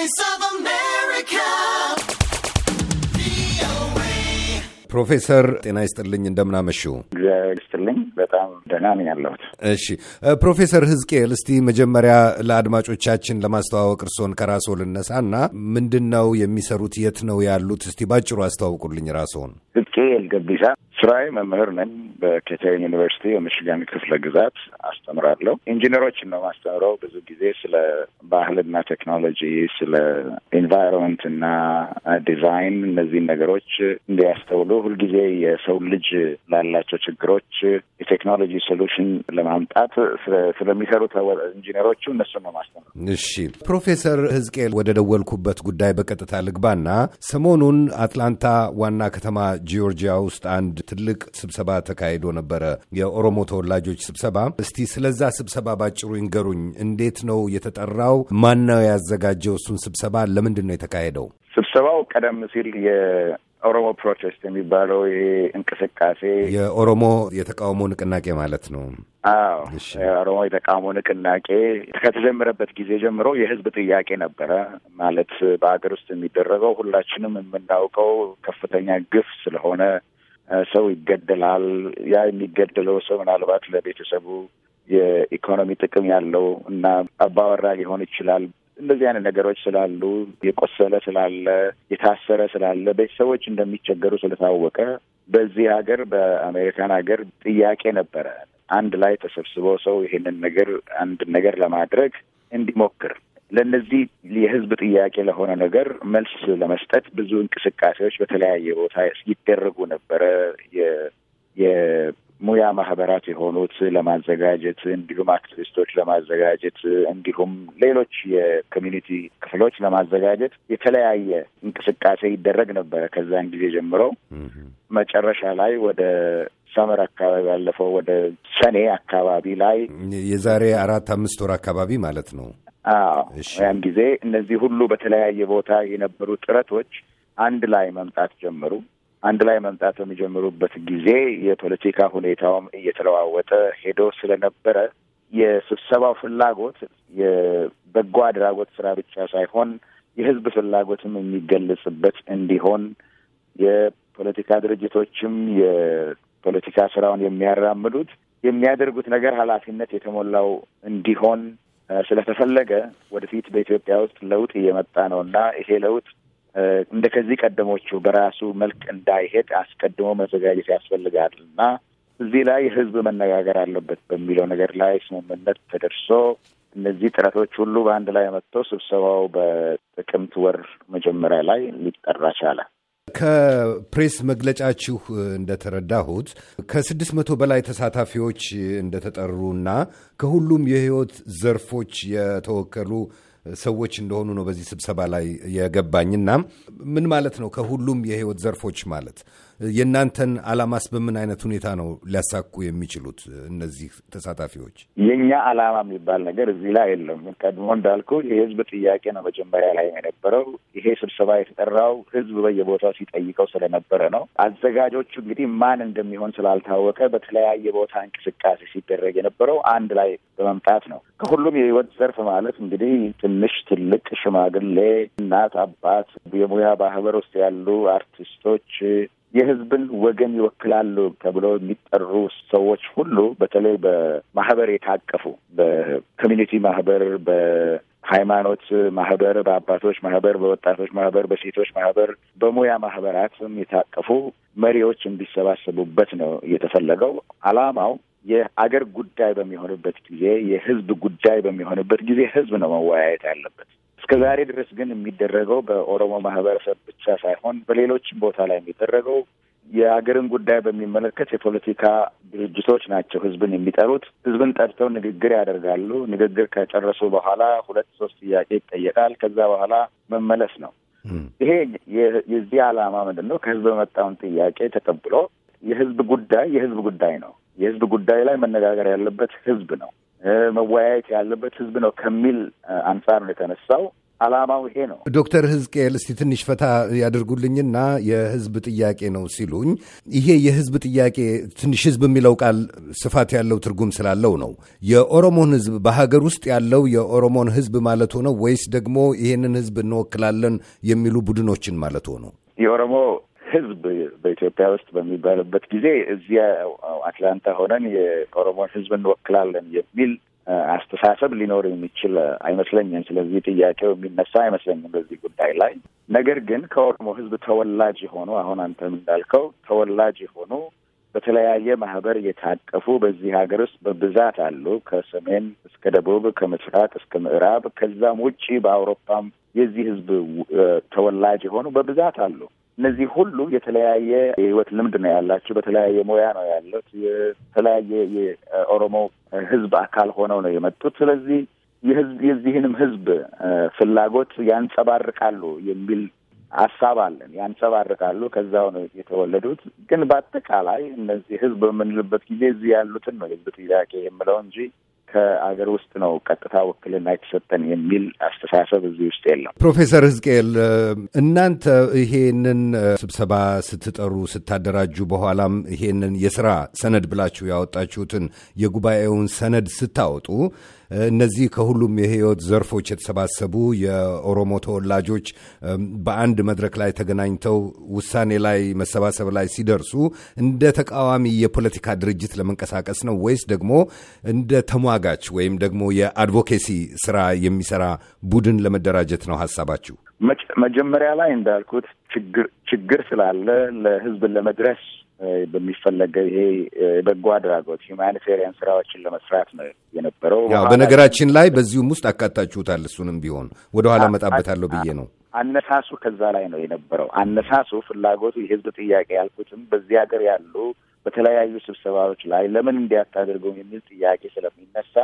Voice of ፕሮፌሰር ጤና ይስጥልኝ እንደምናመሹ። እግዚአብሔር ይስጥልኝ በጣም ደህና ነው ያለሁት። እሺ ፕሮፌሰር ህዝቅኤል እስቲ መጀመሪያ ለአድማጮቻችን ለማስተዋወቅ እርስዎን ከራስዎ ልነሳና ምንድን ነው የሚሰሩት? የት ነው ያሉት? እስቲ ባጭሩ አስተዋውቁልኝ ራስዎን። ህዝቅኤል ገቢሳ ስራዬ መምህር ነኝ። በኬተር ዩኒቨርሲቲ የሚሽጋን ክፍለ ግዛት አስተምራለሁ። ኢንጂነሮችን ነው ማስተምረው። ብዙ ጊዜ ስለ ባህልና ቴክኖሎጂ፣ ስለ ኢንቫይሮንመንት እና ዲዛይን እነዚህን ነገሮች እንዲያስተውሉ ሁልጊዜ የሰው ልጅ ላላቸው ችግሮች የቴክኖሎጂ ሶሉሽን ለማምጣት ስለሚሰሩት ኢንጂነሮቹ እነሱን ነው እሺ ፕሮፌሰር ህዝቅኤል ወደ ደወልኩበት ጉዳይ በቀጥታ ልግባና ሰሞኑን አትላንታ ዋና ከተማ ጂዮርጂያ ውስጥ አንድ ትልቅ ስብሰባ ተካሂዶ ነበረ፣ የኦሮሞ ተወላጆች ስብሰባ። እስቲ ስለዛ ስብሰባ ባጭሩ ይንገሩኝ። እንዴት ነው የተጠራው? ማን ነው ያዘጋጀው? እሱን ስብሰባ ለምንድን ነው የተካሄደው? ስብሰባው ቀደም ሲል ኦሮሞ ፕሮቴስት የሚባለው ይሄ እንቅስቃሴ የኦሮሞ የተቃውሞ ንቅናቄ ማለት ነው። አዎ ኦሮሞ የተቃውሞ ንቅናቄ ከተጀመረበት ጊዜ ጀምሮ የህዝብ ጥያቄ ነበረ። ማለት በሀገር ውስጥ የሚደረገው ሁላችንም የምናውቀው ከፍተኛ ግፍ ስለሆነ ሰው ይገደላል። ያ የሚገደለው ሰው ምናልባት ለቤተሰቡ የኢኮኖሚ ጥቅም ያለው እና አባወራ ሊሆን ይችላል። እንደዚህ አይነት ነገሮች ስላሉ የቆሰለ ስላለ የታሰረ ስላለ ቤተሰቦች እንደሚቸገሩ ስለታወቀ በዚህ ሀገር በአሜሪካን ሀገር ጥያቄ ነበረ። አንድ ላይ ተሰብስቦ ሰው ይሄንን ነገር አንድ ነገር ለማድረግ እንዲሞክር ለእነዚህ የህዝብ ጥያቄ ለሆነ ነገር መልስ ለመስጠት ብዙ እንቅስቃሴዎች በተለያየ ቦታ ይደረጉ ነበረ። ሙያ ማህበራት የሆኑት ለማዘጋጀት እንዲሁም አክቲቪስቶች ለማዘጋጀት እንዲሁም ሌሎች የኮሚኒቲ ክፍሎች ለማዘጋጀት የተለያየ እንቅስቃሴ ይደረግ ነበረ። ከዛን ጊዜ ጀምሮ መጨረሻ ላይ ወደ ሰመር አካባቢ ያለፈው ወደ ሰኔ አካባቢ ላይ የዛሬ አራት አምስት ወር አካባቢ ማለት ነው። አዎ ያን ጊዜ እነዚህ ሁሉ በተለያየ ቦታ የነበሩ ጥረቶች አንድ ላይ መምጣት ጀመሩ። አንድ ላይ መምጣት በሚጀምሩበት ጊዜ የፖለቲካ ሁኔታውም እየተለዋወጠ ሄዶ ስለነበረ የስብሰባው ፍላጎት የበጎ አድራጎት ስራ ብቻ ሳይሆን የህዝብ ፍላጎትም የሚገለጽበት እንዲሆን የፖለቲካ ድርጅቶችም የፖለቲካ ስራውን የሚያራምዱት የሚያደርጉት ነገር ኃላፊነት የተሞላው እንዲሆን ስለተፈለገ ወደፊት በኢትዮጵያ ውስጥ ለውጥ እየመጣ ነው እና ይሄ ለውጥ እንደ ከዚህ ቀደሞቹ በራሱ መልክ እንዳይሄድ አስቀድሞ መዘጋጀት ያስፈልጋል እና እዚህ ላይ ህዝብ መነጋገር አለበት በሚለው ነገር ላይ ስምምነት ተደርሶ እነዚህ ጥረቶች ሁሉ በአንድ ላይ መጥተው ስብሰባው በጥቅምት ወር መጀመሪያ ላይ ሊጠራ ቻለ። ከፕሬስ መግለጫችሁ እንደተረዳሁት ከስድስት መቶ በላይ ተሳታፊዎች እንደተጠሩና ከሁሉም የህይወት ዘርፎች የተወከሉ ሰዎች እንደሆኑ ነው በዚህ ስብሰባ ላይ የገባኝና ምን ማለት ነው ከሁሉም የህይወት ዘርፎች ማለት የእናንተን አላማስ በምን አይነት ሁኔታ ነው ሊያሳኩ የሚችሉት እነዚህ ተሳታፊዎች? የእኛ አላማ የሚባል ነገር እዚህ ላይ የለም። ቀድሞ እንዳልኩ የህዝብ ጥያቄ ነው መጀመሪያ ላይ የነበረው። ይሄ ስብሰባ የተጠራው ህዝብ በየቦታው ሲጠይቀው ስለነበረ ነው። አዘጋጆቹ እንግዲህ ማን እንደሚሆን ስላልታወቀ በተለያየ ቦታ እንቅስቃሴ ሲደረግ የነበረው አንድ ላይ በመምጣት ነው። ከሁሉም የህይወት ዘርፍ ማለት እንግዲህ ትንሽ፣ ትልቅ፣ ሽማግሌ፣ እናት፣ አባት፣ የሙያ ማህበር ውስጥ ያሉ አርቲስቶች የህዝብን ወገን ይወክላሉ ተብለው የሚጠሩ ሰዎች ሁሉ በተለይ በማህበር የታቀፉ በኮሚኒቲ ማህበር፣ በሃይማኖት ማህበር፣ በአባቶች ማህበር፣ በወጣቶች ማህበር፣ በሴቶች ማህበር፣ በሙያ ማህበራትም የታቀፉ መሪዎች እንዲሰባሰቡበት ነው የተፈለገው አላማው የአገር ጉዳይ በሚሆንበት ጊዜ የህዝብ ጉዳይ በሚሆንበት ጊዜ ህዝብ ነው መወያየት ያለበት። እስከ ዛሬ ድረስ ግን የሚደረገው በኦሮሞ ማህበረሰብ ብቻ ሳይሆን በሌሎችም ቦታ ላይ የሚደረገው የሀገርን ጉዳይ በሚመለከት የፖለቲካ ድርጅቶች ናቸው ህዝብን የሚጠሩት። ህዝብን ጠርተው ንግግር ያደርጋሉ። ንግግር ከጨረሱ በኋላ ሁለት ሶስት ጥያቄ ይጠየቃል። ከዛ በኋላ መመለስ ነው። ይሄ የዚህ ዓላማ ምንድን ነው? ከህዝብ የመጣውን ጥያቄ ተቀብሎ የህዝብ ጉዳይ የህዝብ ጉዳይ ነው። የህዝብ ጉዳይ ላይ መነጋገር ያለበት ህዝብ ነው። መወያየት ያለበት ህዝብ ነው ከሚል አንጻር ነው የተነሳው። አላማው ይሄ ነው። ዶክተር ህዝቅኤል እስቲ ትንሽ ፈታ ያደርጉልኝና የህዝብ ጥያቄ ነው ሲሉኝ፣ ይሄ የህዝብ ጥያቄ ትንሽ ህዝብ የሚለው ቃል ስፋት ያለው ትርጉም ስላለው ነው። የኦሮሞን ህዝብ በሀገር ውስጥ ያለው የኦሮሞን ህዝብ ማለት ሆነው ወይስ ደግሞ ይሄንን ህዝብ እንወክላለን የሚሉ ቡድኖችን ማለት ሆነው የኦሮሞ ህዝብ በኢትዮጵያ ውስጥ በሚባልበት ጊዜ እዚያ አትላንታ ሆነን የኦሮሞን ህዝብ እንወክላለን የሚል አስተሳሰብ ሊኖር የሚችል አይመስለኝም። ስለዚህ ጥያቄው የሚነሳ አይመስለኝም በዚህ ጉዳይ ላይ። ነገር ግን ከኦሮሞ ህዝብ ተወላጅ የሆኑ አሁን አንተም እንዳልከው ተወላጅ የሆኑ በተለያየ ማህበር የታቀፉ በዚህ ሀገር ውስጥ በብዛት አሉ። ከሰሜን እስከ ደቡብ፣ ከምስራቅ እስከ ምዕራብ፣ ከዛም ውጪ በአውሮፓም የዚህ ህዝብ ተወላጅ የሆኑ በብዛት አሉ። እነዚህ ሁሉ የተለያየ የህይወት ልምድ ነው ያላቸው፣ በተለያየ ሙያ ነው ያሉት፣ የተለያየ የኦሮሞ ህዝብ አካል ሆነው ነው የመጡት። ስለዚህ የህዝብ የዚህንም ህዝብ ፍላጎት ያንጸባርቃሉ የሚል ሀሳብ አለን። ያንጸባርቃሉ። ከዛው ነው የተወለዱት። ግን በአጠቃላይ እነዚህ ህዝብ በምንልበት ጊዜ እዚህ ያሉትን ነው የህዝብ ጥያቄ የምለው እንጂ ከአገር ውስጥ ነው ቀጥታ ውክልና የተሰጠን የሚል አስተሳሰብ እዚህ ውስጥ የለም። ፕሮፌሰር ህዝቅኤል እናንተ ይሄንን ስብሰባ ስትጠሩ ስታደራጁ፣ በኋላም ይሄንን የስራ ሰነድ ብላችሁ ያወጣችሁትን የጉባኤውን ሰነድ ስታወጡ እነዚህ ከሁሉም የህይወት ዘርፎች የተሰባሰቡ የኦሮሞ ተወላጆች በአንድ መድረክ ላይ ተገናኝተው ውሳኔ ላይ መሰባሰብ ላይ ሲደርሱ እንደ ተቃዋሚ የፖለቲካ ድርጅት ለመንቀሳቀስ ነው ወይስ ደግሞ እንደ ተሟጋች ወይም ደግሞ የአድቮኬሲ ስራ የሚሰራ ቡድን ለመደራጀት ነው ሀሳባችሁ? መጀመሪያ ላይ እንዳልኩት ችግር ችግር ስላለ ለህዝብን ለመድረስ በሚፈለገው ይሄ በጎ አድራጎት ሁማኒቴሪያን ስራዎችን ለመስራት ነው የነበረው። በነገራችን ላይ በዚሁም ውስጥ አካታችሁታል። እሱንም ቢሆን ወደኋላ መጣበታለሁ ብዬ ነው። አነሳሱ ከዛ ላይ ነው የነበረው። አነሳሱ ፍላጎቱ፣ የህዝብ ጥያቄ ያልኩትም በዚህ ሀገር ያሉ በተለያዩ ስብሰባዎች ላይ ለምን እንዲያታደርገው የሚል ጥያቄ ስለሚነሳ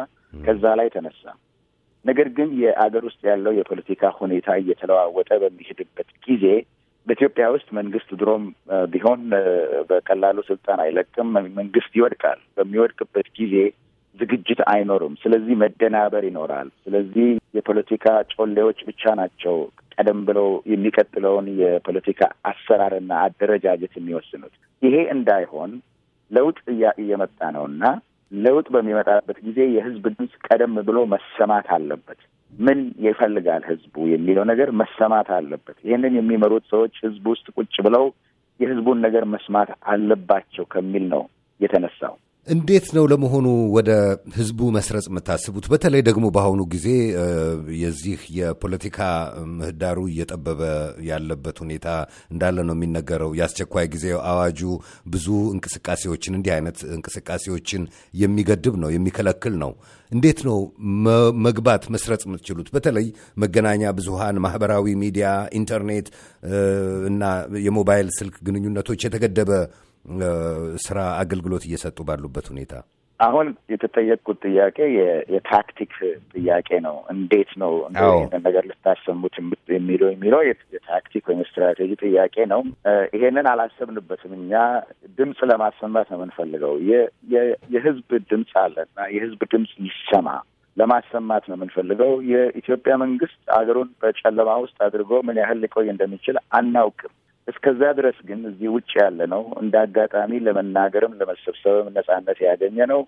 ከዛ ላይ ተነሳ። ነገር ግን የአገር ውስጥ ያለው የፖለቲካ ሁኔታ እየተለዋወጠ በሚሄድበት ጊዜ በኢትዮጵያ ውስጥ መንግስት ድሮም ቢሆን በቀላሉ ስልጣን አይለቅም። መንግስት ይወድቃል። በሚወድቅበት ጊዜ ዝግጅት አይኖርም። ስለዚህ መደናበር ይኖራል። ስለዚህ የፖለቲካ ጮሌዎች ብቻ ናቸው ቀደም ብለው የሚቀጥለውን የፖለቲካ አሰራርና አደረጃጀት የሚወስኑት። ይሄ እንዳይሆን ለውጥ እየመጣ ነውና ለውጥ በሚመጣበት ጊዜ የህዝብ ድምፅ ቀደም ብሎ መሰማት አለበት። ምን ይፈልጋል ህዝቡ የሚለው ነገር መሰማት አለበት። ይህንን የሚመሩት ሰዎች ህዝብ ውስጥ ቁጭ ብለው የህዝቡን ነገር መስማት አለባቸው ከሚል ነው የተነሳው። እንዴት ነው ለመሆኑ ወደ ህዝቡ መስረጽ የምታስቡት? በተለይ ደግሞ በአሁኑ ጊዜ የዚህ የፖለቲካ ምህዳሩ እየጠበበ ያለበት ሁኔታ እንዳለ ነው የሚነገረው። የአስቸኳይ ጊዜ አዋጁ ብዙ እንቅስቃሴዎችን እንዲህ አይነት እንቅስቃሴዎችን የሚገድብ ነው የሚከለክል ነው። እንዴት ነው መግባት መስረጽ የምትችሉት? በተለይ መገናኛ ብዙሃን፣ ማህበራዊ ሚዲያ፣ ኢንተርኔት እና የሞባይል ስልክ ግንኙነቶች የተገደበ ስራ አገልግሎት እየሰጡ ባሉበት ሁኔታ አሁን የተጠየቅኩት ጥያቄ የታክቲክ ጥያቄ ነው። እንዴት ነው ይህንን ነገር ልታሰሙት የሚለው የሚለው የታክቲክ ወይም ስትራቴጂ ጥያቄ ነው። ይሄንን አላሰብንበትም። እኛ ድምፅ ለማሰማት ነው የምንፈልገው። የህዝብ ድምፅ አለና የህዝብ ድምፅ ይሰማ ለማሰማት ነው የምንፈልገው። የኢትዮጵያ መንግስት አገሩን በጨለማ ውስጥ አድርጎ ምን ያህል ሊቆይ እንደሚችል አናውቅም። እስከዛ ድረስ ግን እዚህ ውጭ ያለ ነው። እንደ አጋጣሚ ለመናገርም ለመሰብሰብም ነጻነት ያገኘ ነው።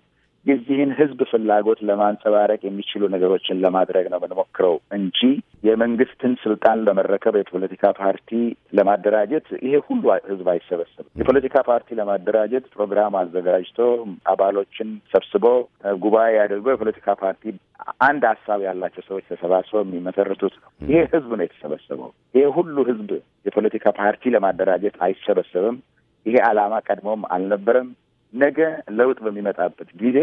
የዚህን ህዝብ ፍላጎት ለማንጸባረቅ የሚችሉ ነገሮችን ለማድረግ ነው የምንሞክረው እንጂ የመንግስትን ስልጣን ለመረከብ የፖለቲካ ፓርቲ ለማደራጀት ይሄ ሁሉ ህዝብ አይሰበሰብም። የፖለቲካ ፓርቲ ለማደራጀት ፕሮግራም አዘጋጅቶ አባሎችን ሰብስቦ ጉባኤ አድርጎ የፖለቲካ ፓርቲ አንድ ሀሳብ ያላቸው ሰዎች ተሰባስበው የሚመሰርቱት ነው። ይሄ ህዝብ ነው የተሰበሰበው። ይሄ ሁሉ ህዝብ የፖለቲካ ፓርቲ ለማደራጀት አይሰበሰብም። ይሄ አላማ ቀድሞም አልነበረም። ነገ ለውጥ በሚመጣበት ጊዜ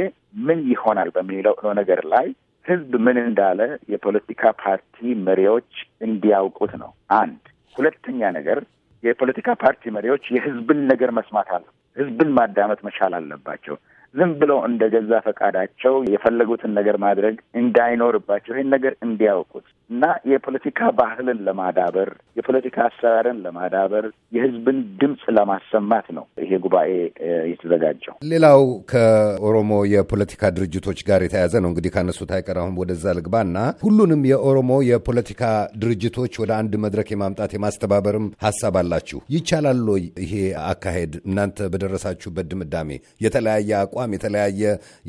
ምን ይሆናል በሚለው ነገር ላይ ህዝብ ምን እንዳለ የፖለቲካ ፓርቲ መሪዎች እንዲያውቁት ነው። አንድ ሁለተኛ ነገር የፖለቲካ ፓርቲ መሪዎች የህዝብን ነገር መስማት አለ፣ ህዝብን ማዳመጥ መቻል አለባቸው። ዝም ብለው እንደ ገዛ ፈቃዳቸው የፈለጉትን ነገር ማድረግ እንዳይኖርባቸው ይህን ነገር እንዲያውቁት እና የፖለቲካ ባህልን ለማዳበር የፖለቲካ አሰራርን ለማዳበር የህዝብን ድምፅ ለማሰማት ነው ይሄ ጉባኤ የተዘጋጀው። ሌላው ከኦሮሞ የፖለቲካ ድርጅቶች ጋር የተያዘ ነው። እንግዲህ ካነሱት አይቀር አሁን ወደዛ እና ሁሉንም የኦሮሞ የፖለቲካ ድርጅቶች ወደ አንድ መድረክ የማምጣት የማስተባበርም ሀሳብ አላችሁ። ይቻላል ይሄ አካሄድ? እናንተ በደረሳችሁበት ድምዳሜ የተለያየ አቋም፣ የተለያየ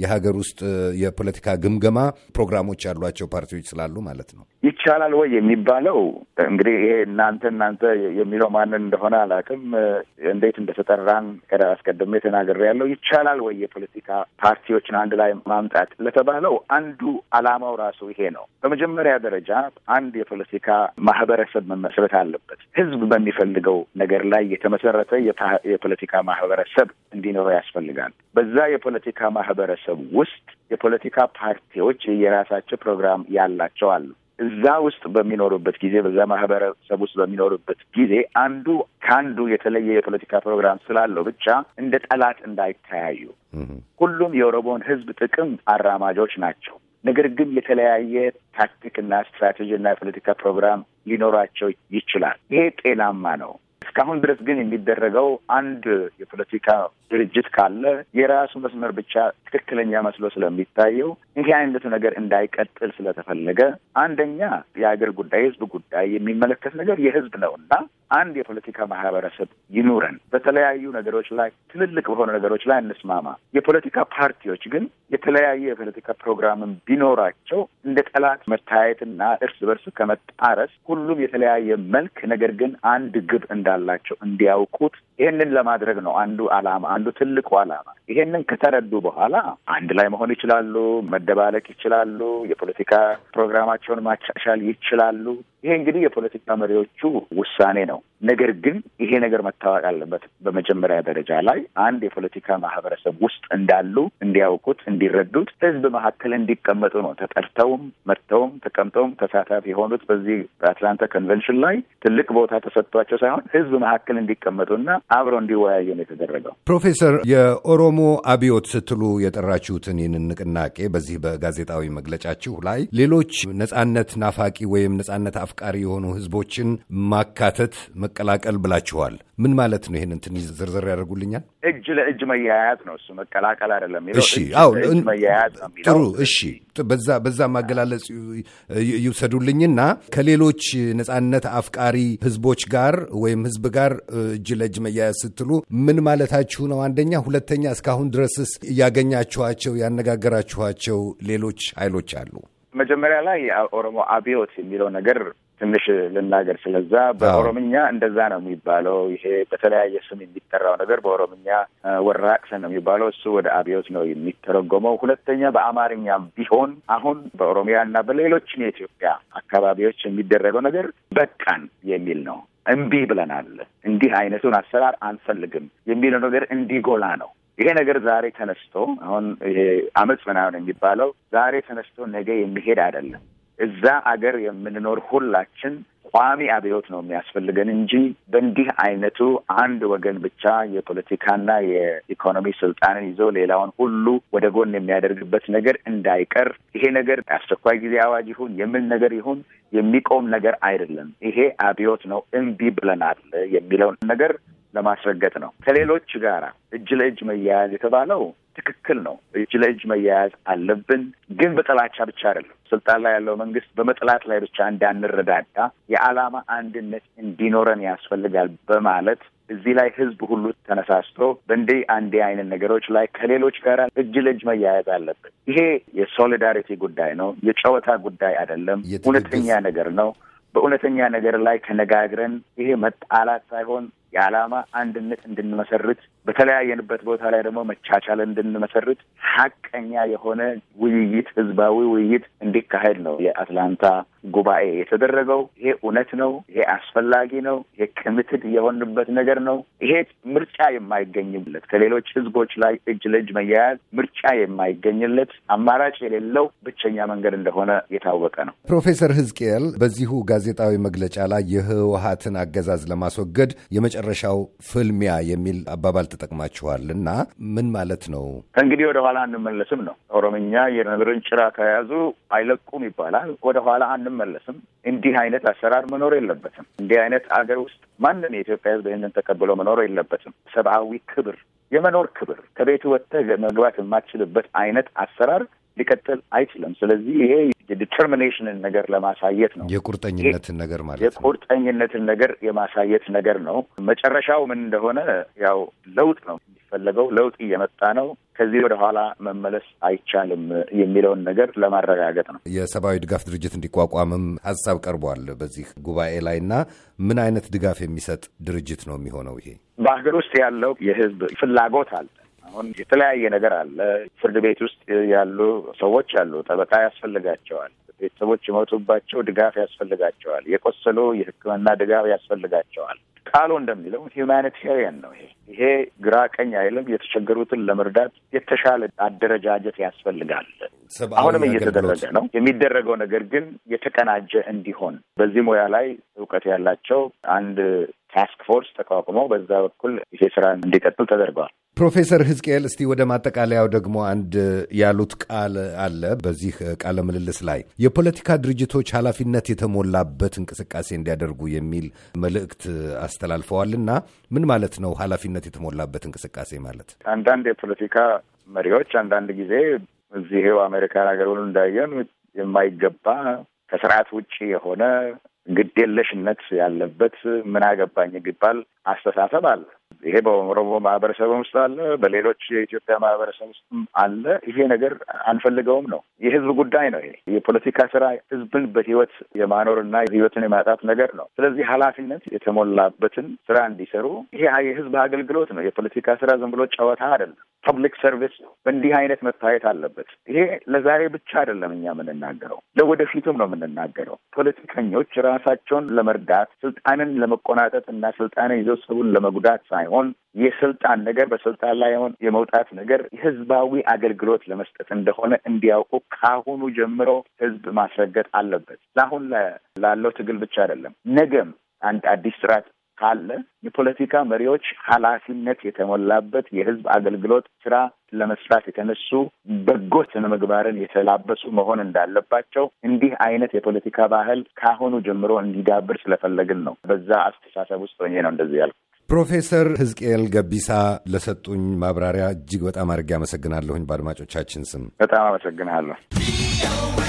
የሀገር ውስጥ የፖለቲካ ግምገማ ፕሮግራሞች ያሏቸው ፓርቲዎች ስላሉ ማለት ነው። ይቻላል ወይ የሚባለው እንግዲህ ይሄ እናንተ እናንተ የሚለው ማንን እንደሆነ አላውቅም። እንዴት እንደተጠራን አስቀድሜ ተናግሬ ያለው ይቻላል ወይ የፖለቲካ ፓርቲዎችን አንድ ላይ ማምጣት ለተባለው አንዱ አላማው ራሱ ይሄ ነው። በመጀመሪያ ደረጃ አንድ የፖለቲካ ማህበረሰብ መመስረት አለበት። ህዝብ በሚፈልገው ነገር ላይ የተመሰረተ የፖለቲካ ማህበረሰብ እንዲኖረው ያስፈልጋል። በዛ የፖለቲካ ማህበረሰብ ውስጥ የፖለቲካ ፓርቲዎች የራሳቸው ፕሮግራም ያላቸው አሉ። እዛ ውስጥ በሚኖሩበት ጊዜ በዛ ማህበረሰብ ውስጥ በሚኖሩበት ጊዜ አንዱ ከአንዱ የተለየ የፖለቲካ ፕሮግራም ስላለው ብቻ እንደ ጠላት እንዳይተያዩ፣ ሁሉም የኦሮሞን ህዝብ ጥቅም አራማጆች ናቸው። ነገር ግን የተለያየ ታክቲክና ስትራቴጂና የፖለቲካ ፕሮግራም ሊኖራቸው ይችላል። ይሄ ጤናማ ነው። እስካሁን ድረስ ግን የሚደረገው አንድ የፖለቲካ ድርጅት ካለ የራሱ መስመር ብቻ ትክክለኛ መስሎ ስለሚታየው እንዲህ አይነቱ ነገር እንዳይቀጥል ስለተፈለገ አንደኛ የሀገር ጉዳይ የህዝብ ጉዳይ የሚመለከት ነገር የህዝብ ነው እና አንድ የፖለቲካ ማህበረሰብ ይኑረን። በተለያዩ ነገሮች ላይ ትልልቅ በሆኑ ነገሮች ላይ እንስማማ። የፖለቲካ ፓርቲዎች ግን የተለያዩ የፖለቲካ ፕሮግራምን ቢኖራቸው እንደ ጠላት መታየትና እርስ በርስ ከመጣረስ ሁሉም የተለያየ መልክ ነገር ግን አንድ ግብ እንዳላቸው እንዲያውቁት ይህንን ለማድረግ ነው አንዱ አላማ አንዱ ትልቁ ዓላማ። ይሄንን ከተረዱ በኋላ አንድ ላይ መሆን ይችላሉ፣ መደባለቅ ይችላሉ፣ የፖለቲካ ፕሮግራማቸውን ማቻሻል ይችላሉ። ይሄ እንግዲህ የፖለቲካ መሪዎቹ ውሳኔ ነው። ነገር ግን ይሄ ነገር መታወቅ አለበት። በመጀመሪያ ደረጃ ላይ አንድ የፖለቲካ ማህበረሰብ ውስጥ እንዳሉ እንዲያውቁት፣ እንዲረዱት፣ ህዝብ መካከል እንዲቀመጡ ነው ተጠርተውም መጥተውም ተቀምጠውም ተሳታፊ የሆኑት በዚህ በአትላንታ ኮንቨንሽን ላይ ትልቅ ቦታ ተሰጥቷቸው ሳይሆን ህዝብ መካከል እንዲቀመጡና አብረው እንዲወያዩ ነው የተደረገው። ፕሮፌሰር የኦሮሞ አብዮት ስትሉ የጠራችሁትን ይህንን ንቅናቄ በዚህ በጋዜጣዊ መግለጫችሁ ላይ ሌሎች ነጻነት ናፋቂ ወይም ነጻነት አፍቃሪ የሆኑ ህዝቦችን ማካተት መቀላቀል ብላችኋል። ምን ማለት ነው? ይህንን ትንሽ ዝርዝር ያደርጉልኛል? እጅ ለእጅ መያያዝ ነው እሱ፣ መቀላቀል አይደለም። እሺ፣ አዎ፣ መያያዝ ነው ጥሩ። እሺ፣ በዛ በዛ ማገላለጽ ይውሰዱልኝና ከሌሎች ነጻነት አፍቃሪ ህዝቦች ጋር ወይም ህዝብ ጋር እጅ ለእጅ መያያዝ ስትሉ ምን ማለታችሁ ነው? አንደኛ። ሁለተኛ፣ እስካሁን ድረስስ እያገኛችኋቸው ያነጋገራችኋቸው ሌሎች ኃይሎች አሉ? መጀመሪያ ላይ ኦሮሞ አብዮት የሚለው ነገር ትንሽ ልናገር ስለዛ። በኦሮምኛ እንደዛ ነው የሚባለው። ይሄ በተለያየ ስም የሚጠራው ነገር በኦሮምኛ ወራቅሰ ነው የሚባለው። እሱ ወደ አብዮት ነው የሚተረጎመው። ሁለተኛ በአማርኛ ቢሆን አሁን በኦሮሚያ እና በሌሎችም የኢትዮጵያ አካባቢዎች የሚደረገው ነገር በቃን የሚል ነው። እምቢ ብለናል፣ እንዲህ አይነቱን አሰራር አንፈልግም የሚለው ነገር እንዲጎላ ነው። ይሄ ነገር ዛሬ ተነስቶ አሁን ይሄ አመፅ ምናምን የሚባለው ዛሬ ተነስቶ ነገ የሚሄድ አይደለም። እዛ አገር የምንኖር ሁላችን ቋሚ አብዮት ነው የሚያስፈልገን እንጂ በእንዲህ አይነቱ አንድ ወገን ብቻ የፖለቲካና የኢኮኖሚ ስልጣንን ይዞ ሌላውን ሁሉ ወደ ጎን የሚያደርግበት ነገር እንዳይቀር ይሄ ነገር አስቸኳይ ጊዜ አዋጅ ይሁን የምን ነገር ይሁን የሚቆም ነገር አይደለም። ይሄ አብዮት ነው፣ እምቢ ብለናል የሚለውን ነገር ለማስረገጥ ነው። ከሌሎች ጋራ እጅ ለእጅ መያያዝ የተባለው ትክክል ነው። እጅ ለእጅ መያያዝ አለብን፣ ግን በጥላቻ ብቻ አይደለም። ስልጣን ላይ ያለው መንግስት በመጥላት ላይ ብቻ እንዳንረዳዳ የዓላማ አንድነት እንዲኖረን ያስፈልጋል በማለት እዚህ ላይ ህዝብ ሁሉ ተነሳስቶ በእንዲህ አንዴ አይነት ነገሮች ላይ ከሌሎች ጋር እጅ ለእጅ መያያዝ አለብን። ይሄ የሶሊዳሪቲ ጉዳይ ነው። የጨዋታ ጉዳይ አይደለም። እውነተኛ ነገር ነው። በእውነተኛ ነገር ላይ ተነጋግረን ይሄ መጣላት ሳይሆን የዓላማ አንድነት እንድንመሰርት በተለያየንበት ቦታ ላይ ደግሞ መቻቻል እንድንመሰርት ሀቀኛ የሆነ ውይይት፣ ህዝባዊ ውይይት እንዲካሄድ ነው የአትላንታ ጉባኤ የተደረገው። ይሄ እውነት ነው። ይሄ አስፈላጊ ነው። ይሄ ክምትድ የሆንበት ነገር ነው። ይሄ ምርጫ የማይገኝለት ከሌሎች ህዝቦች ላይ እጅ ለእጅ መያያዝ ምርጫ የማይገኝለት አማራጭ የሌለው ብቸኛ መንገድ እንደሆነ የታወቀ ነው። ፕሮፌሰር ህዝቅኤል በዚሁ ጋዜጣዊ መግለጫ ላይ የህወሀትን አገዛዝ ለማስወገድ የመጨ የመጨረሻው ፍልሚያ የሚል አባባል ተጠቅማችኋል እና ምን ማለት ነው? ከእንግዲህ ወደኋላ አንመለስም ነው። ኦሮምኛ የነብርን ጭራ ከያዙ አይለቁም ይባላል። ወደኋላ አንመለስም። እንዲህ አይነት አሰራር መኖር የለበትም። እንዲህ አይነት አገር ውስጥ ማንም የኢትዮጵያ ሕዝብ ይህንን ተቀብሎ መኖር የለበትም። ሰብአዊ ክብር፣ የመኖር ክብር፣ ከቤቱ ወጥተህ መግባት የማትችልበት አይነት አሰራር ሊቀጥል አይችልም። ስለዚህ ይሄ የዲተርሚኔሽንን ነገር ለማሳየት ነው። የቁርጠኝነትን ነገር ማለት ነው። የቁርጠኝነትን ነገር የማሳየት ነገር ነው። መጨረሻው ምን እንደሆነ ያው ለውጥ ነው የሚፈለገው። ለውጥ እየመጣ ነው። ከዚህ ወደ ኋላ መመለስ አይቻልም የሚለውን ነገር ለማረጋገጥ ነው። የሰብአዊ ድጋፍ ድርጅት እንዲቋቋምም ሀሳብ ቀርቧል በዚህ ጉባኤ ላይ እና ምን አይነት ድጋፍ የሚሰጥ ድርጅት ነው የሚሆነው? ይሄ በሀገር ውስጥ ያለው የህዝብ ፍላጎት አለ አሁን የተለያየ ነገር አለ። ፍርድ ቤት ውስጥ ያሉ ሰዎች አሉ፣ ጠበቃ ያስፈልጋቸዋል። ቤተሰቦች የሞቱባቸው ድጋፍ ያስፈልጋቸዋል። የቆሰሉ የሕክምና ድጋፍ ያስፈልጋቸዋል። ቃሉ እንደሚለው ሂውማኒቴሪያን ነው። ይሄ ይሄ ግራ ቀኝ አይልም። የተቸገሩትን ለመርዳት የተሻለ አደረጃጀት ያስፈልጋል። አሁንም እየተደረገ ነው። የሚደረገው ነገር ግን የተቀናጀ እንዲሆን በዚህ ሙያ ላይ እውቀት ያላቸው አንድ ታስክ ፎርስ ተቋቁሞ በዛ በኩል ይሄ ስራ እንዲቀጥል ተደርገዋል። ፕሮፌሰር ህዝቅኤል እስቲ ወደ ማጠቃለያው ደግሞ አንድ ያሉት ቃል አለ። በዚህ ቃለ ምልልስ ላይ የፖለቲካ ድርጅቶች ኃላፊነት የተሞላበት እንቅስቃሴ እንዲያደርጉ የሚል መልእክት አስተላልፈዋልና ምን ማለት ነው ኃላፊነት የተሞላበት እንቅስቃሴ ማለት? አንዳንድ የፖለቲካ መሪዎች አንዳንድ ጊዜ እዚህው አሜሪካን ሀገር ሁሉ እንዳየን የማይገባ ከስርዓት ውጭ የሆነ ግዴለሽነት ያለበት ምን አገባኝ ይባል አስተሳሰብ አለ። ይሄ በኦሮሞ ማህበረሰብ ውስጥ አለ፣ በሌሎች የኢትዮጵያ ማህበረሰብ ውስጥም አለ። ይሄ ነገር አንፈልገውም ነው። የህዝብ ጉዳይ ነው። ይሄ የፖለቲካ ስራ ህዝብን በህይወት የማኖርና ህይወትን የማጣት ነገር ነው። ስለዚህ ኃላፊነት የተሞላበትን ስራ እንዲሰሩ ይሄ የህዝብ አገልግሎት ነው። የፖለቲካ ስራ ዝም ብሎ ጨዋታ አይደለም። ፐብሊክ ሰርቪስ በእንዲህ አይነት መታየት አለበት። ይሄ ለዛሬ ብቻ አይደለም እኛ የምንናገረው፣ ለወደፊቱም ነው የምንናገረው። ፖለቲከኞች ራሳቸውን ለመርዳት ስልጣንን ለመቆናጠጥ እና ስልጣንን ይዘው ሰውን ለመጉዳት ሳይሆን የስልጣን ነገር በስልጣን ላይ ሆን የመውጣት ነገር የህዝባዊ አገልግሎት ለመስጠት እንደሆነ እንዲያውቁ ከአሁኑ ጀምሮ ህዝብ ማስረገጥ አለበት። ለአሁን ላለው ትግል ብቻ አይደለም፣ ነገም አንድ አዲስ ስርዓት ካለ የፖለቲካ መሪዎች ኃላፊነት የተሞላበት የህዝብ አገልግሎት ስራ ለመስራት የተነሱ በጎ ስነ ምግባርን የተላበሱ መሆን እንዳለባቸው እንዲህ አይነት የፖለቲካ ባህል ከአሁኑ ጀምሮ እንዲዳብር ስለፈለግን ነው። በዛ አስተሳሰብ ውስጥ ሆኜ ነው እንደዚህ ያልኩ። ፕሮፌሰር ህዝቅኤል ገቢሳ ለሰጡኝ ማብራሪያ እጅግ በጣም አድርጌ አመሰግናለሁኝ። በአድማጮቻችን ስም በጣም አመሰግናለሁ።